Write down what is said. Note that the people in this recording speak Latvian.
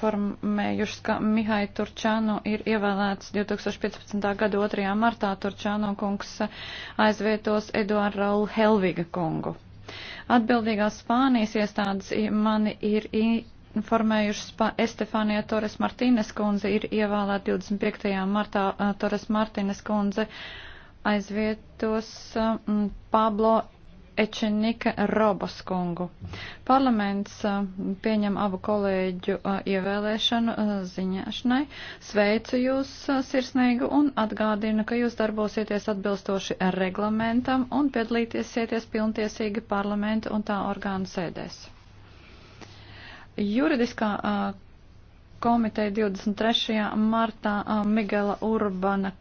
informējušas, ka Mihai Turčānu ir ievēlēts 2015. gada 2. martā. Turčānu kungs aizvietos Eduāru Raulu Helviga kungu. Atbildīgās Spānijas iestādes mani ir informējušas, ka Estefānija Torres Martīnes kundze ir ievēlēta 25. martā. Torres Martīnes kundze aizvietos Pablo Ečenika Robaskungu. Parlaments pieņem abu kolēģu ievēlēšanu ziņāšanai. Sveicu jūs sirsnīgu un atgādinu, ka jūs darbosieties atbilstoši reglamentam un piedalīties pilntiesīgi parlamenta un tā orgānu sēdēs. Juridiskā komiteja 23. martā Migela Urbana